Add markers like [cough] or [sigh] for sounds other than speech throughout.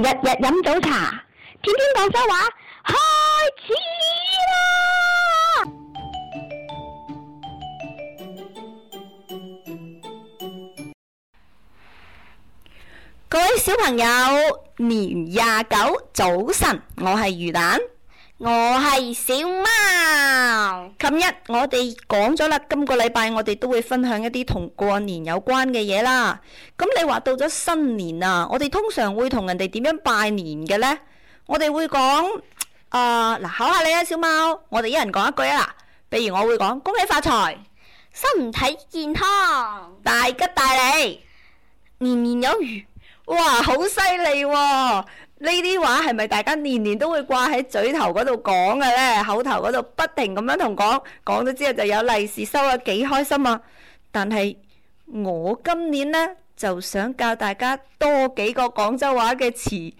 日日飲早茶，天天廣州話，開始啦！ [music] 各位小朋友，年廿九早晨，我係魚蛋。我係小貓。琴日我哋講咗啦，今個禮拜我哋都會分享一啲同過年有關嘅嘢啦。咁你話到咗新年啊，我哋通常會同人哋點樣拜年嘅呢？我哋會講，啊、呃、嗱，考下你啊，小貓，我哋一人講一句啊。比如我會講，恭喜發財，身體健康，大吉大利，年年有餘。哇，好犀利喎！呢啲話係咪大家年年都會掛喺嘴頭嗰度講嘅呢？口頭嗰度不停咁樣同講，講咗之後就有利是收，幾開心啊。但係我今年呢，就想教大家多幾個廣州話嘅詞，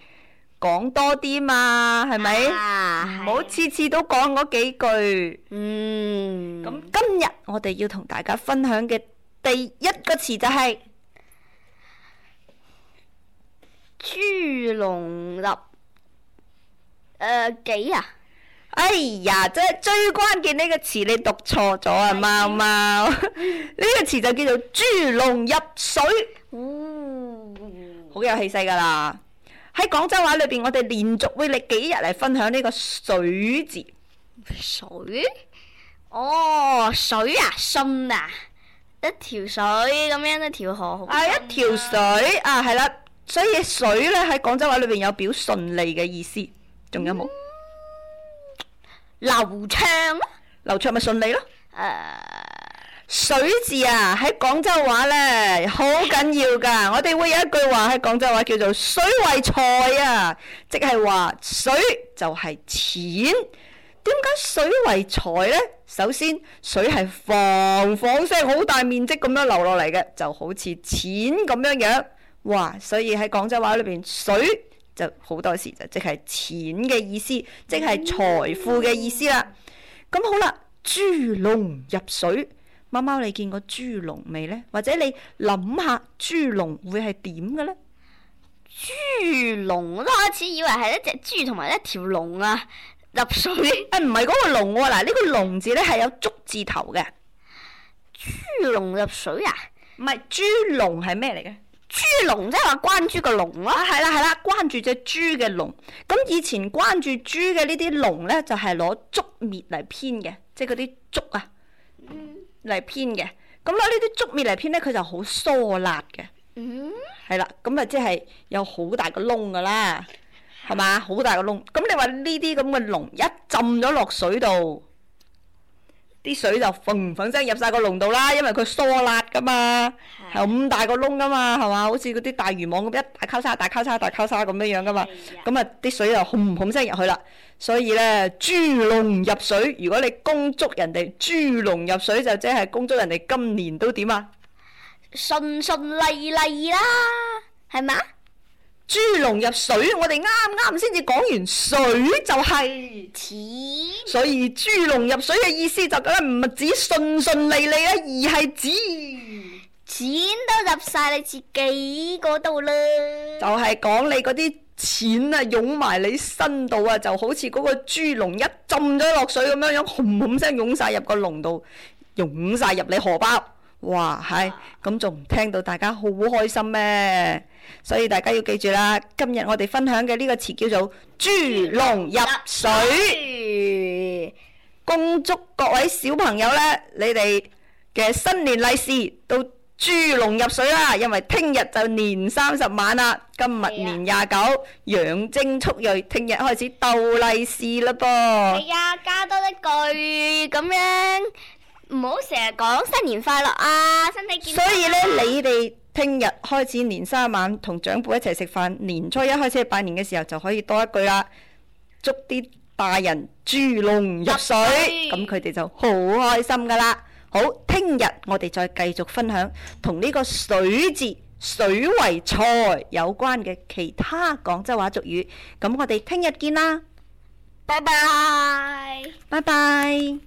講多啲嘛，係咪？啊，係。唔好次次都講嗰幾句。嗯。咁今日我哋要同大家分享嘅第一個詞就係。豬籠入誒幾啊？哎呀，即係最關鍵呢個詞你讀錯咗啊！貓貓呢個詞就叫做豬籠入水，哦、好有氣勢噶啦！喺廣州話裏邊，我哋連續威力幾日嚟分享呢個水字。水哦，水啊，信啊，一條水咁樣一條河啊啊一條。啊，一條水啊，係啦。所以水咧喺廣州話裏邊有表順利嘅意思，仲有冇、嗯？流暢，流暢咪順利咯。啊、水字啊，喺廣州話呢，好緊要噶。 [laughs] 我哋會有一句話喺廣州話叫做「水為財」啊，即係話水就係錢。點解水為財呢？首先，水係防房聲，好大面積咁樣流落嚟嘅，就好似錢咁樣樣。哇！所以喺廣州話裏邊，水就好多時就即係錢嘅意思，即係財富嘅意思啦。咁好啦，豬籠入水，貓貓你見過豬籠未呢？或者你諗下豬籠會係點嘅呢？「豬籠，我都開始以為係一隻豬同埋一條龍啊入水。誒、 [laughs] 哎，唔係嗰個龍喎、啊，嗱、這、呢個籠字呢係有竹字頭嘅。豬籠入水啊？唔係豬籠係咩嚟嘅？豬籠即係話關住個籠咯，係啦，係啦，關住隻豬嘅籠。咁以前關住豬嘅呢啲籠呢，就係攞竹篾嚟編嘅，即係嗰啲竹啊嚟編嘅。咁攞呢啲竹篾嚟編呢，佢就好疏辣嘅，係啦、嗯。咁啊，即係有好大個窿噶啦，係嘛？好大個窿。咁你話呢啲咁嘅籠一浸咗落水度？啲水就嘭嘭聲入晒個籠度啦，因為佢疏辣噶嘛，係咁大個窿噶嘛，係嘛？好似嗰啲大漁網咁，一大交叉、大交叉、大交叉咁樣樣噶嘛。咁啊，啲水就轟轟聲入去啦。所以咧，豬籠入水，如果你恭祝人哋豬籠入水，就即係恭祝人哋今年都點啊？順順利利啦，係咪？豬籠入水，我哋啱啱先至講完水就係錢，所以豬籠入水嘅意思就咁啦，唔係指順順利利啦，而係指錢都入晒你自己嗰度啦。就係講你嗰啲錢啊，湧埋你身度啊，就好似嗰個豬籠一浸咗落水咁樣樣，轟轟聲湧晒入個籠度，湧晒入你荷包。哇係，咁仲唔聽到大家好開心咩？所以大家要記住啦，今日我哋分享嘅呢個詞叫做豬籠入水。入水恭祝各位小朋友呢，你哋嘅新年利是到豬籠入水啦，因為聽日就年三十晚啦，今日年廿九，啊，養精蓄銳，聽日開始鬥利是啦噃。係啊，加多一句咁樣。唔好成日講新年快樂啊，身體健康啊。所以咧，你哋聽日開始年三晚同長輩一齊食飯，年初一開始拜年嘅時候就可以多一句啦，祝啲大人豬籠入水，咁佢哋就好開心噶啦。好，聽日我哋再繼續分享同呢個水字、水為財有關嘅其他廣州話俗語。咁我哋聽日見啦，拜拜，拜拜。